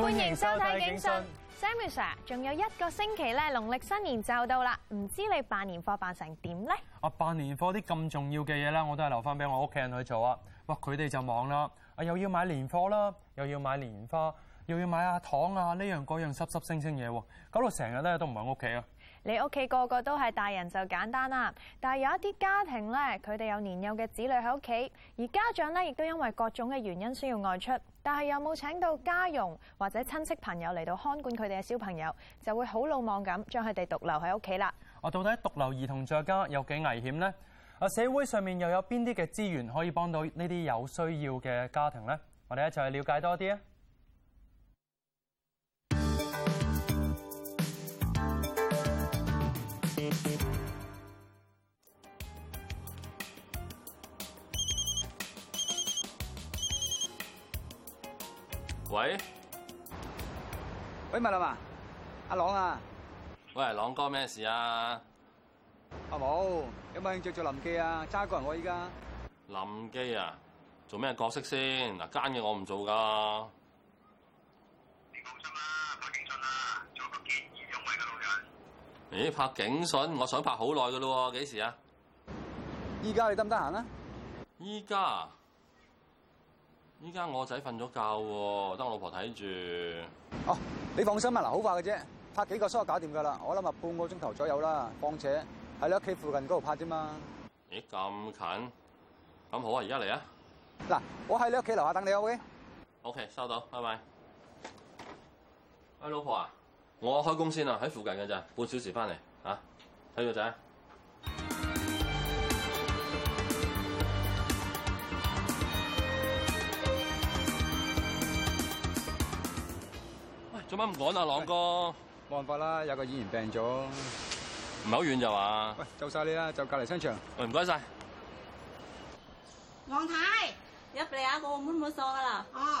歡迎收睇警訊 Samuel sir，仲有一個星期咧，農曆新年就到啦，唔知你辦年貨辦成點咧？啊，辦年貨啲咁重要嘅嘢咧，我都係留翻俾我屋企人去做啊！哇，佢哋就忙啦，啊又要買年貨啦，又要買年花，又要買下糖啊呢樣嗰樣濕濕星星嘢喎，搞到成日咧都唔喺屋企啊！你屋企個個都係大人就簡單啦，但係有一啲家庭呢，佢哋有年幼嘅子女喺屋企，而家長呢亦都因為各種嘅原因需要外出，但係又冇請到家傭或者親戚朋友嚟到看管佢哋嘅小朋友，就會好魯莽咁將佢哋獨留喺屋企啦。我到底獨留兒童在家有幾危險呢？啊，社會上面又有邊啲嘅資源可以幫到呢啲有需要嘅家庭呢？我哋一齊去了解多啲。啊。喂？喂，麥老嘛、啊、阿朗啊？喂，朗哥，咩事啊？阿、啊、毛，有冇興趣做臨記啊？差一個人我依家。臨記啊？做咩角色先？嗱，奸嘅我唔做㗎。你放心啦，拍警訊啦，做個見義勇為嘅老人。你、哎、拍警訊，我想拍好耐噶咯，幾時啊？依家你得唔得閒啊？依家，依家我仔瞓咗覺、啊，等我老婆睇住。哦，你放心啊。嗱，好快嘅啫，拍幾個 shot 搞掂，噶啦，我諗啊半個鐘頭左右啦，況且喺你屋企附近嗰度拍啫嘛。咦、哎，咁近？咁好啊，而家嚟啊！嗱，我喺你屋企樓下等你啊，喂，OK，收到，拜拜。喂、哎，老婆啊！我開工先啦，喺附近嘅咋，半小時翻嚟，吓，睇住仔。喂，做乜唔講啊，朗哥？哎，冇辦法啦，有個演員病咗，唔好遠就話。喂，就晒你啦，就隔籬商場。誒、哎，唔該晒。王太太，入嚟啊，哥，我冇錯啦。啊。哦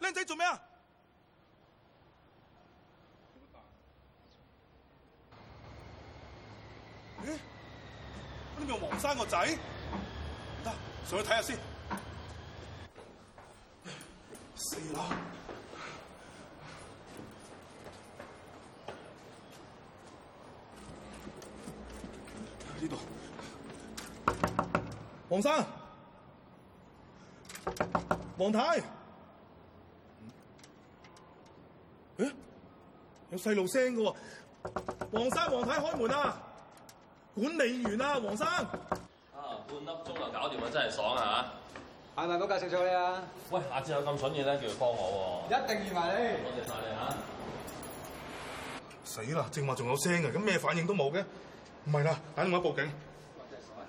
靚仔做咩啊？誒、欸，呢個黃生個仔，得上去睇下先。四樓，李導，黃生，黃太，太。有細路聲嘅喎，黃生黃太，太開門啊！管理員啊，黃生，啊半粒鐘就搞掂啦，真係爽啊！吓係咪都介紹咗你啊？喂，下次有咁蠢嘢咧，叫佢幫我喎、啊。一定預埋你，多謝晒你吓。死啦！正話仲有聲啊，咁咩、啊、反應都冇嘅，唔係啦，等我報警。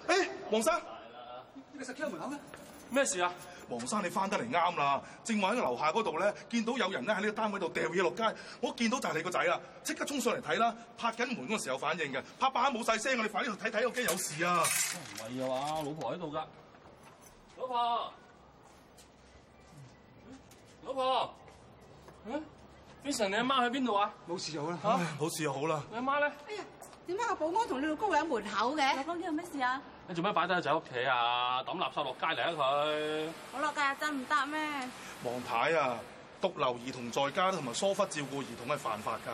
哎、啊，黃、欸啊、生，啊、你，你實企喺門口嘅，咩事啊？黃生，你翻得嚟啱啦！正話喺樓下嗰度咧，見到有人咧喺呢個單位度掉嘢落街，我見到就係你個仔啦！即刻衝上嚟睇啦，拍緊門嗰陣時候有反應嘅，拍百冇晒聲，你看看，我哋快啲去睇睇，我驚有事啊！唔係啊嘛，老婆喺度噶？老婆，老婆，嗯 Vincent 你阿媽喺邊度啊？冇事就好啦，嚇、啊，冇事就好啦。你阿媽咧？哎呀點解個保安同你老公喺門口嘅？你老公有咩事啊？你做咩擺低仔喺屋企啊？抌垃圾落街嚟啊佢！我落街又真唔得咩？王太啊，獨留兒童在家同埋疏忽照顧兒童係犯法噶。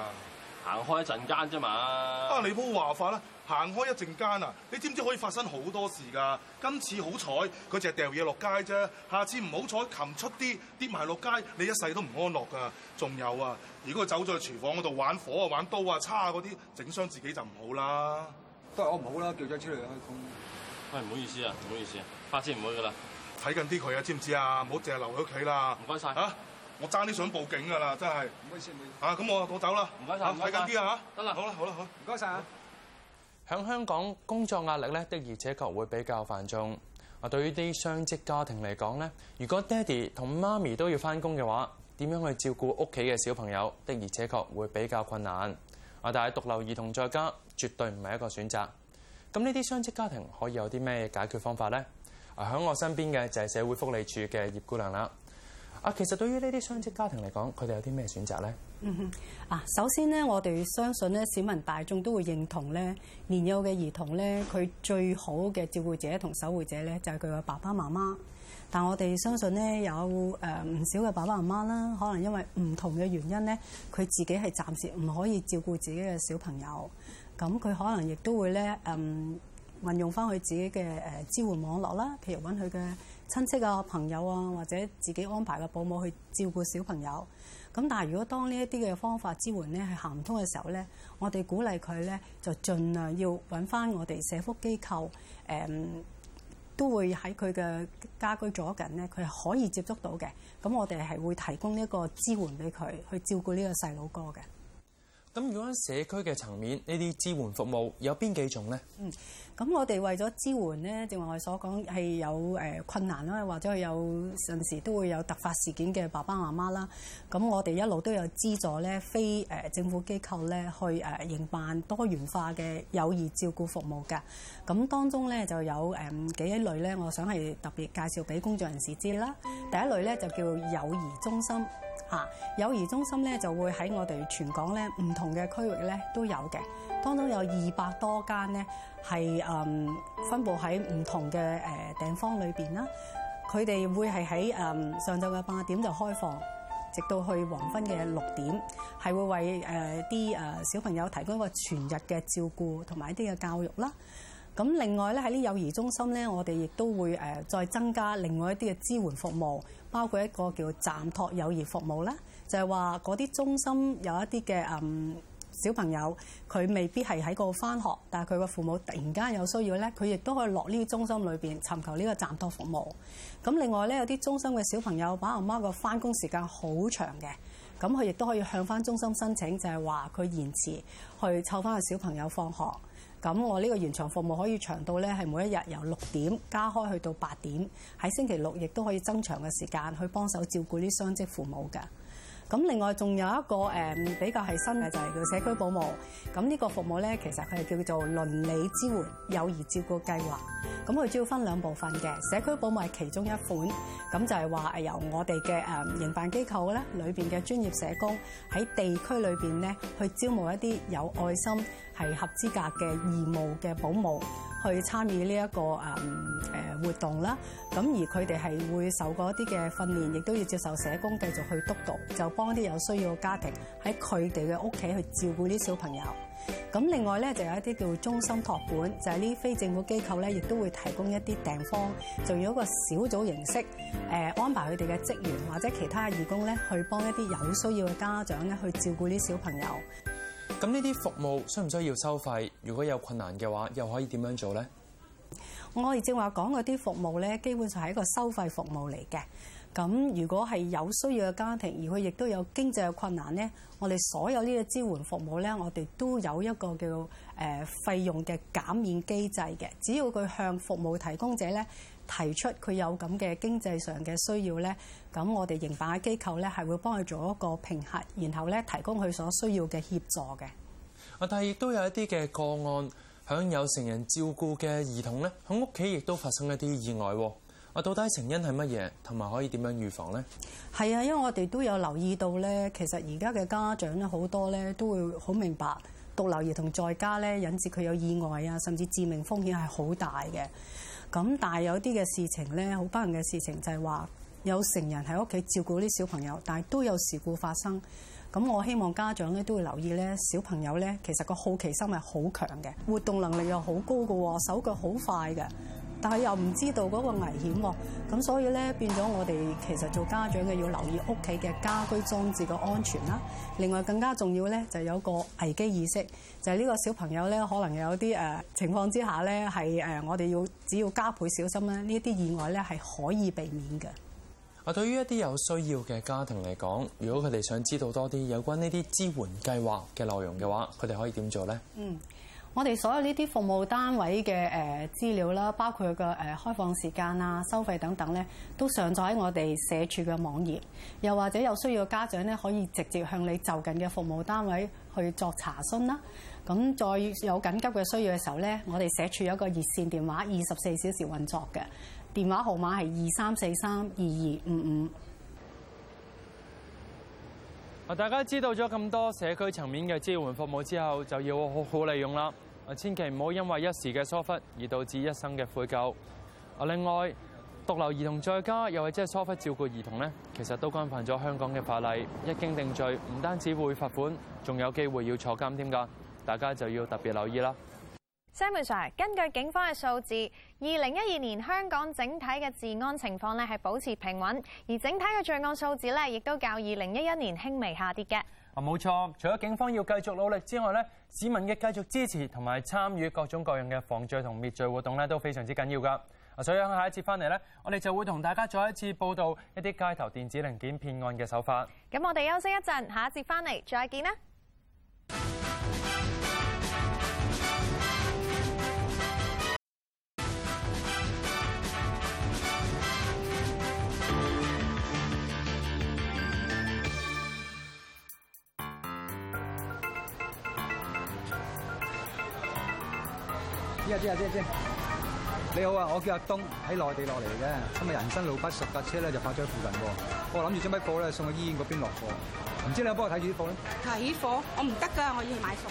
行開一陣間啫嘛！啊，你好話法啦，行開一陣間啊，你知唔知可以發生好多事噶？今次好彩，佢淨係掉嘢落街啫。下次唔好彩擒出啲跌埋落街，你一世都唔安樂噶。仲有啊，如果佢走咗去廚房嗰度玩火啊、玩刀啊、叉啊嗰啲，整傷自己就唔好啦。都係我唔好啦，叫咗出嚟開工。喂、哎，唔好意思啊，唔好意思啊，下次唔會噶啦。睇緊啲佢啊，知唔知啊？唔好淨係留喺屋企啦。唔該晒。嚇、啊！我爭啲想報警㗎啦，真係啊！唔好意思，咁我我走啦，唔該晒。睇緊啲啊，得啦，好啦，好啦，唔該晒。啊！喺、啊、香港工作壓力咧，的而且確會比較繁重啊。對於啲雙職家庭嚟講咧，如果爹哋同媽咪都要翻工嘅話，點樣去照顧屋企嘅小朋友，的而且確會比較困難啊。但係獨留兒童在家絕對唔係一個選擇。咁呢啲雙職家庭可以有啲咩解決方法咧？啊，喺我身邊嘅就係社會福利署嘅葉姑娘啦。啊，其實對於呢啲雙職家庭嚟講，佢哋有啲咩選擇咧？嗯哼，啊，首先咧，我哋相信咧，市民大眾都會認同咧，年幼嘅兒童咧，佢最好嘅照顧者同守護者咧，就係佢嘅爸爸媽媽。但我哋相信咧，有誒唔少嘅爸爸媽媽啦，可能因為唔同嘅原因咧，佢自己係暫時唔可以照顧自己嘅小朋友。咁佢可能亦都會咧，嗯，運用返佢自己嘅誒支援網絡啦，譬如搵佢嘅。親戚啊、朋友啊，或者自己安排個保姆去照顧小朋友。咁但係如果當呢一啲嘅方法支援咧係行唔通嘅時候咧，我哋鼓勵佢咧就盡量要搵返我哋社福機構，誒、嗯、都會喺佢嘅家居左近咧，佢係可以接觸到嘅。咁我哋係會提供呢個支援俾佢去照顧呢個細佬哥嘅。咁如果喺社區嘅層面，呢啲支援服務有邊幾種咧？嗯咁我哋為咗支援咧，正如我哋所講，係有誒困難啦，或者係有陣時都會有突發事件嘅爸爸媽媽啦。咁我哋一路都有資助咧，非誒、呃、政府機構咧去誒營、呃、辦多元化嘅幼兒照顧服務嘅。咁當中咧就有誒、呃、幾一類咧，我想係特別介紹俾工作人士知啦。第一類咧就叫幼兒中心，嚇、啊，幼兒中心咧就會喺我哋全港咧唔同嘅區域咧都有嘅。當中有二百多間咧，係嗯分佈喺唔同嘅誒地方裏邊啦。佢哋會係喺誒上晝嘅八點就開放，直到去黃昏嘅六點，係會為誒啲誒小朋友提供一個全日嘅照顧同埋一啲嘅教育啦。咁另外咧喺啲幼兒中心咧，我哋亦都會誒再增加另外一啲嘅支援服務，包括一個叫暫托幼兒服務啦，就係話嗰啲中心有一啲嘅嗯。小朋友佢未必係喺個返學，但係佢個父母突然間有需要咧，佢亦都可以落呢個中心裏邊尋求呢個暫托服務。咁另外咧，有啲中心嘅小朋友，把阿媽個返工時間好長嘅，咁佢亦都可以向返中心申請，就係話佢延遲去湊返個小朋友放學。咁我呢個延長服務可以長到咧係每一日由六點加開去到八點，喺星期六亦都可以增長嘅時間去幫手照顧啲雙職父母㗎。咁另外仲有一個誒比較係新嘅，就係叫社區保姆。咁呢個服務咧，其實佢係叫做鄰里支援幼兒照顧計劃。咁佢主要分兩部分嘅，社區保姆係其中一款。咁就係話由我哋嘅誒營辦機構咧，裏邊嘅專業社工喺地區裏邊咧，去招募一啲有愛心，係合資格嘅義務嘅保姆去參與呢一個誒誒活動啦。咁而佢哋係會受過一啲嘅訓練，亦都要接受社工繼續去督導，就幫啲有需要嘅家庭喺佢哋嘅屋企去照顧啲小朋友。咁另外咧就有一啲叫中心托管，就係呢啲非政府機構咧亦都會提供一啲訂方，仲要一個小組形式誒、呃、安排佢哋嘅職員或者其他義工咧去幫一啲有需要嘅家長咧去照顧啲小朋友。咁呢啲服務需唔需要收費？如果有困難嘅話，又可以點樣做呢？我哋正話講嗰啲服務咧，基本上係一個收費服務嚟嘅。咁如果係有需要嘅家庭，而佢亦都有經濟嘅困難呢，我哋所有呢啲支援服務呢，我哋都有一個叫誒、呃、費用嘅減免機制嘅。只要佢向服務提供者呢，提出佢有咁嘅經濟上嘅需要呢，咁我哋營辦嘅機構呢係會幫佢做一個評核，然後呢提供佢所需要嘅協助嘅。啊，但係亦都有一啲嘅個案，響有成人照顧嘅兒童呢，響屋企亦都發生一啲意外。啊，到底成因係乜嘢，同埋可以點樣預防呢？係啊，因為我哋都有留意到呢，其實而家嘅家長咧好多呢都會好明白獨留兒童在家呢，引致佢有意外啊，甚至致命風險係好大嘅。咁但係有啲嘅事情咧，好不幸嘅事情就係話有成人喺屋企照顧啲小朋友，但係都有事故發生。咁我希望家長咧都會留意咧，小朋友咧其實個好奇心係好強嘅，活動能力又好高噶喎，手腳好快嘅，但係又唔知道嗰個危險喎。咁所以咧變咗我哋其實做家長嘅要留意屋企嘅家居裝置嘅安全啦。另外更加重要咧就有個危機意識，就係呢個小朋友咧可能有啲誒情況之下咧係誒我哋要只要加倍小心咧，呢啲意外咧係可以避免嘅。啊，對於一啲有需要嘅家庭嚟講，如果佢哋想知道多啲有關呢啲支援計劃嘅內容嘅話，佢哋可以點做呢？嗯，我哋所有呢啲服務單位嘅誒資料啦，包括個誒開放時間啊、收費等等咧，都上載喺我哋社署嘅網頁。又或者有需要嘅家長咧，可以直接向你就近嘅服務單位去作查詢啦。咁再有緊急嘅需要嘅時候咧，我哋社署有個熱線電話，二十四小時運作嘅。電話號碼係二三四三二二五五。啊，大家知道咗咁多社區層面嘅支援服務之後，就要好好利用啦。啊，千祈唔好因為一時嘅疏忽而導致一生嘅悔疚。啊，另外，獨留兒童在家又係即係疏忽照顧兒童呢，其實都干犯咗香港嘅法例，一經定罪，唔單止會罰款，仲有機會要坐監添㗎。大家就要特別留意啦。Sammy Sir，根據警方嘅數字，二零一二年香港整體嘅治安情況咧係保持平穩，而整體嘅罪案數字咧亦都較二零一一年輕微下跌嘅。啊，冇錯，除咗警方要繼續努力之外咧，市民嘅繼續支持同埋參與各種各樣嘅防罪同滅罪活動咧都非常之緊要噶。啊，所以喺下一節翻嚟咧，我哋就會同大家再一次報道一啲街頭電子零件騙案嘅手法。咁我哋休息一陣，下一節翻嚟再見啦。姐姐你好啊，我叫阿東，喺內地落嚟嘅，今日人生路不熟，架車咧就泊咗喺附近喎，我諗住將啲貨咧送去醫院嗰邊落貨，唔知你有冇幫我睇住啲貨咧？睇貨？我唔得㗎，我要買餸。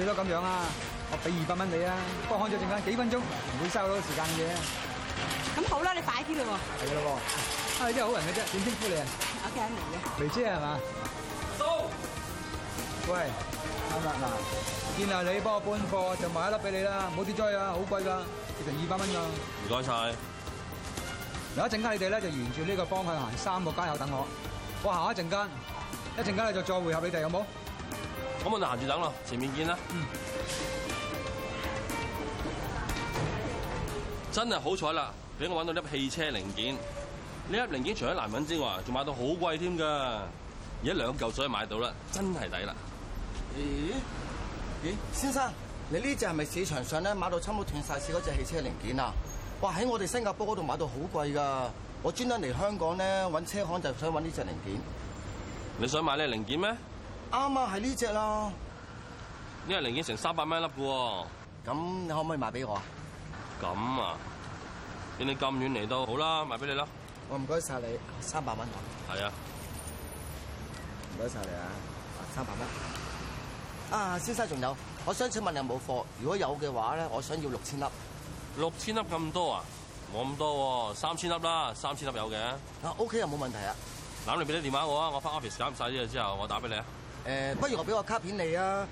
最多咁樣啊，我俾二百蚊你啊，幫我看咗陣間，幾分鐘？唔會收好多時間嘅。咁好啦，你快啲啦喎。係咯喎，啊、真係好人嘅啫，點稱呼你啊？阿 Jeremy 嘅。眉姐係嘛？走。喂。嗱嗱，見係你幫我搬貨，就買一粒俾你啦，唔好跌咗去啊，好貴㗎，折成二百蚊㗎。唔該晒！有一陣間你哋咧就沿住呢個方向行，三個街口等我。我行一陣間，一陣間你就再會合你哋，好冇？咁我就行住等咯，前面見啦。嗯。真係好彩啦，俾我揾到粒汽車零件。呢粒零件除咗難揾之外，仲買到好貴添㗎。而家兩嚿水買到啦，真係抵啦。咦咦，先生，你呢隻係咪市場上咧買到差唔多斷晒市嗰隻汽車零件啊？哇，喺我哋新加坡嗰度買到好貴噶，我專登嚟香港咧揾車行，就想揾呢隻零件。你想買呢隻零件咩？啱啊，係呢隻啦。呢隻零件成三百蚊一粒噶。咁你可唔可以賣俾我啊？咁啊，見你咁遠嚟到，好啦，賣俾你啦。我唔該晒你，三百蚊。係啊，唔該晒你啊，三百蚊。啊，先生仲有，我想請問有冇貨？如果有嘅話咧，我想要六千粒。六千粒咁多啊？冇咁多，三千粒啦，三千粒有嘅。啊，OK 啊，冇問題啊。嗱，你俾啲電話我啊，我翻 office 唔晒啲嘢之後，我打俾你啊。誒、呃，不如我俾個卡片你啊。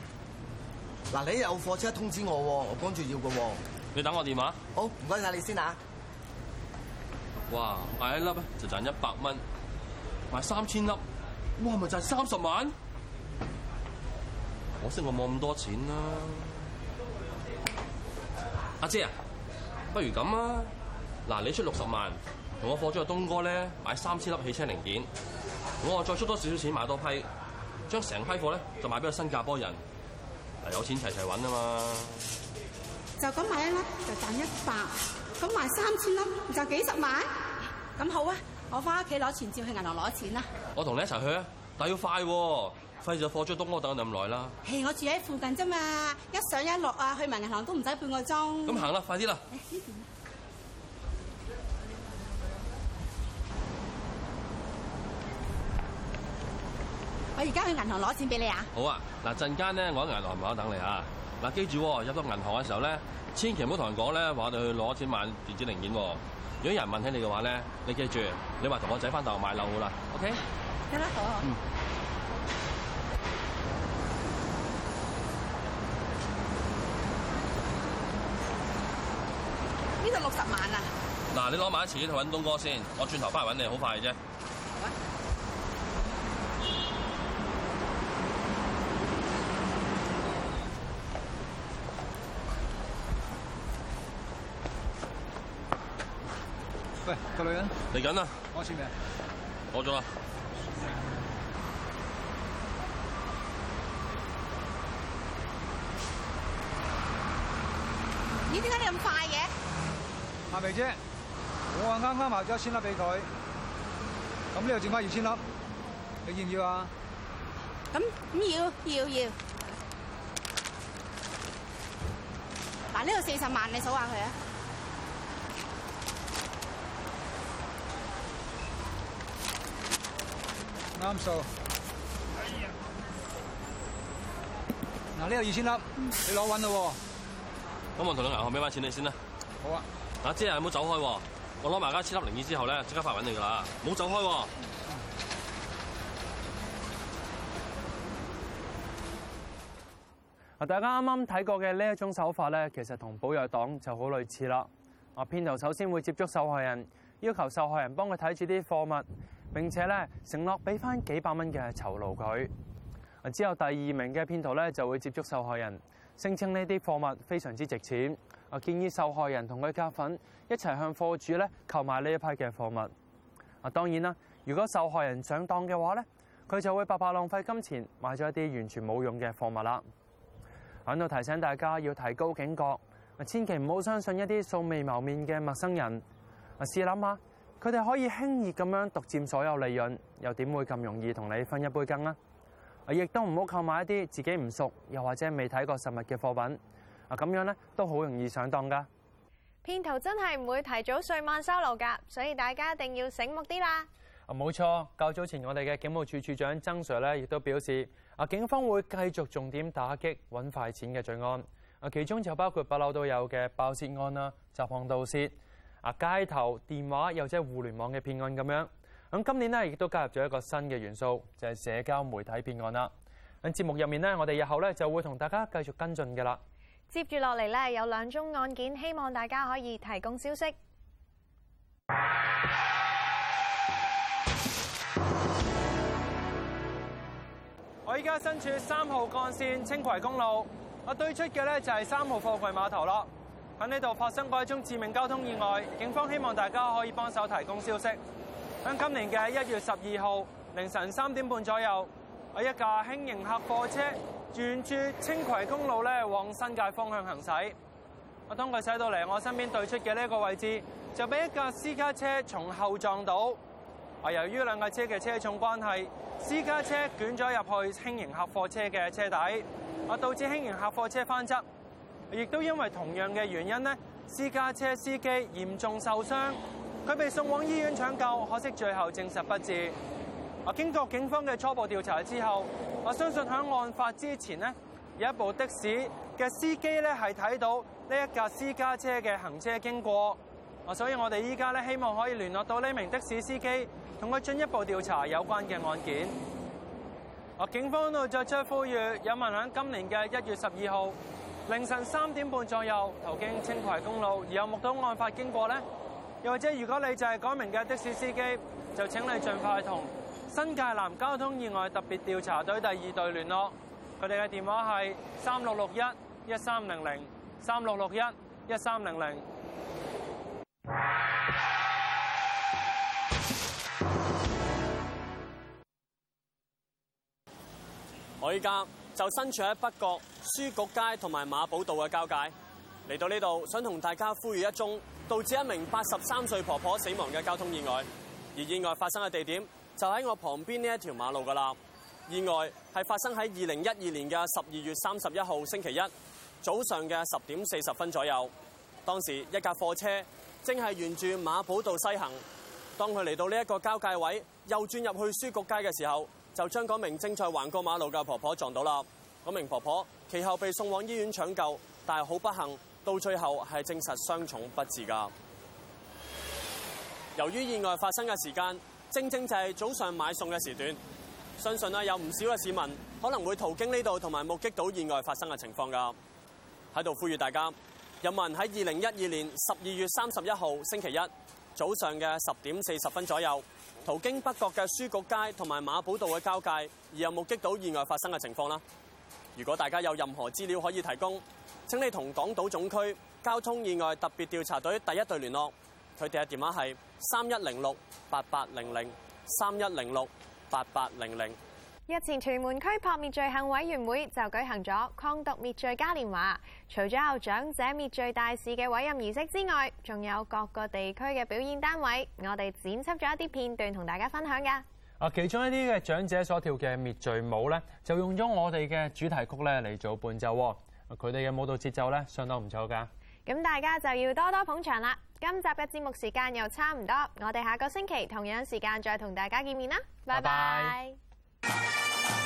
嗱，你有貨車通知我，我趕住要㗎。你等我電話。好，唔該晒你先啊。哇，買一粒就賺一百蚊，買三千粒，哇，咪就係三十萬。可惜我冇咁多錢啦、啊，阿姐啊，不如咁啊，嗱，你出六十萬，同我貨主去東哥咧買三千粒汽車零件，我再出多少少錢買多批，將成批貨咧就賣俾個新加坡人，係有錢齊齊揾啊嘛。就咁買一粒就賺一百，咁買三千粒就幾十萬。咁好啊，我翻屋企攞錢，照去銀行攞錢啦。我同你一齊去啊，但要快喎、啊。費事坐出東屋等咁耐啦！誒，我住喺附近啫嘛，一上一落啊，去埋銀行都唔使半個鐘。咁行啦，快啲啦、哎！我而家去銀行攞錢俾你啊！好啊，嗱陣間咧，我喺銀行門口等你啊！嗱，記住入到銀行嘅時候咧，千祈唔好同人講咧話我哋去攞錢買電子零件喎。如果有人問起你嘅話咧，你記住你話同我仔翻大陸買樓好啦。OK，得啦，好。十萬啊！嗱，你攞埋一錢去揾東哥先，我轉頭翻嚟揾你，好快嘅啫。喂，個女人嚟緊啦！我簽名，我咗啦。肥姐，我話啱啱買咗一千粒俾佢，咁呢度剩返二千粒，你要唔要啊？咁要要要，嗱呢度四十萬，你數下佢啊，啱數。嗱呢度二千粒，你攞穩嘞喎。我望同你銀行俾翻錢你先啦。好啊。即、啊、姐，姐，有冇走開喎、啊！我攞埋家千粒零兒之後咧，即刻快揾你噶啦！冇走開喎、啊啊！大家啱啱睇過嘅呢一種手法咧，其實同寶藥黨就好類似啦。啊！騙徒首先會接觸受害人，要求受害人幫佢睇住啲貨物，並且咧承諾俾翻幾百蚊嘅酬勞佢。啊！之後第二名嘅騙徒咧就會接觸受害人，聲稱呢啲貨物非常之值錢。我建議受害人同佢夾份一齊向貨主咧購買呢一批嘅貨物。啊，當然啦，如果受害人上當嘅話咧，佢就會白白浪費金錢買咗一啲完全冇用嘅貨物啦。喺度提醒大家要提高警覺，千祈唔好相信一啲素未謀面嘅陌生人。試諗下，佢哋可以輕易咁樣獨佔所有利潤，又點會咁容易同你分一杯羹呢？亦都唔好購買一啲自己唔熟，又或者未睇過實物嘅貨品。啊，咁樣咧都好容易上當噶。騙徒真係唔會提早睡晚收留㗎，所以大家一定要醒目啲啦。啊，冇錯，較早前我哋嘅警務處處長曾 Sir 咧亦都表示，啊，警方會繼續重點打擊揾快錢嘅罪案。啊，其中就包括不嬲都有嘅爆竊案啦、集羣盜竊、啊，街頭電話又即係互聯網嘅騙案咁樣。咁今年呢亦都加入咗一個新嘅元素，就係、是、社交媒體騙案啦。喺節目入面呢，我哋日後咧就會同大家繼續跟進嘅啦。接住落嚟咧，有兩宗案件，希望大家可以提供消息。我依家身處三號幹線青葵公路，我對出嘅呢就係三號貨櫃碼頭咯。喺呢度發生過一宗致命交通意外，警方希望大家可以幫手提供消息。喺今年嘅一月十二號凌晨三點半左右，喺一架輕型客貨車，沿住青葵公路咧，往新界方向行駛。我當佢駛到嚟我身邊對出嘅呢個位置，就俾一架私家車從後撞到。啊，由於兩架車嘅車重關係，私家車捲咗入去輕型客貨車嘅車底，啊，導致輕型客貨車翻側。亦都因為同樣嘅原因呢，私家車司機嚴重受傷，佢被送往醫院搶救，可惜最後證實不治。經過警方嘅初步調查之後，我相信喺案發之前咧，有一部的士嘅司機咧係睇到呢一架私家車嘅行車經過。啊，所以我哋依家咧希望可以聯絡到呢名的士司機，同佢進一步調查有關嘅案件。啊，警方喺度再出呼籲，有問喺今年嘅一月十二號凌晨三點半左右途經青葵公路而有目睹案發經過呢，又或者如果你就係嗰名嘅的士司機，就請你盡快同新界南交通意外特別調查隊第二隊聯絡，佢哋嘅電話係三六六一一三零零三六六一一三零零。我依家就身處喺北角書局街同埋馬寶道嘅交界，嚟到呢度想同大家呼籲一宗導致一名八十三歲婆婆死亡嘅交通意外，而意外發生嘅地點。就喺我旁邊呢一條馬路噶啦。意外係發生喺二零一二年嘅十二月三十一號星期一早上嘅十點四十分左右。當時一架貨車正係沿住馬寶道西行，當佢嚟到呢一個交界位，又轉入去書局街嘅時候，就將嗰名正在橫過馬路嘅婆婆撞到啦。嗰名婆婆其後被送往醫院搶救，但係好不幸，到最後係證實傷重不治噶。由於意外發生嘅時間，正正就係早上買餸嘅時段，相信有唔少嘅市民可能會途經呢度，同埋目擊到意外發生嘅情況㗎。喺度呼籲大家，人民喺二零一二年十二月三十一號星期一早上嘅十點四十分左右途經北角嘅書局街同埋馬寶道嘅交界，而又目擊到意外發生嘅情況啦，如果大家有任何資料可以提供，請你同港島總區交通意外特別調查隊第一隊聯絡。佢哋嘅電話係三一零六八八零零三一零六八八零零。日前屯門區撲滅罪行委員會就舉行咗抗毒滅罪嘉年華，除咗有長者滅罪大使嘅委任儀式之外，仲有各個地區嘅表演單位。我哋剪輯咗一啲片段同大家分享㗎。啊，其中一啲嘅長者所跳嘅滅罪舞咧，就用咗我哋嘅主題曲咧嚟做伴奏。佢哋嘅舞蹈節奏咧，相當唔錯噶。咁大家就要多多捧場啦！今集嘅節目時間又差唔多，我哋下個星期同樣時間再同大家見面啦！拜拜。Bye bye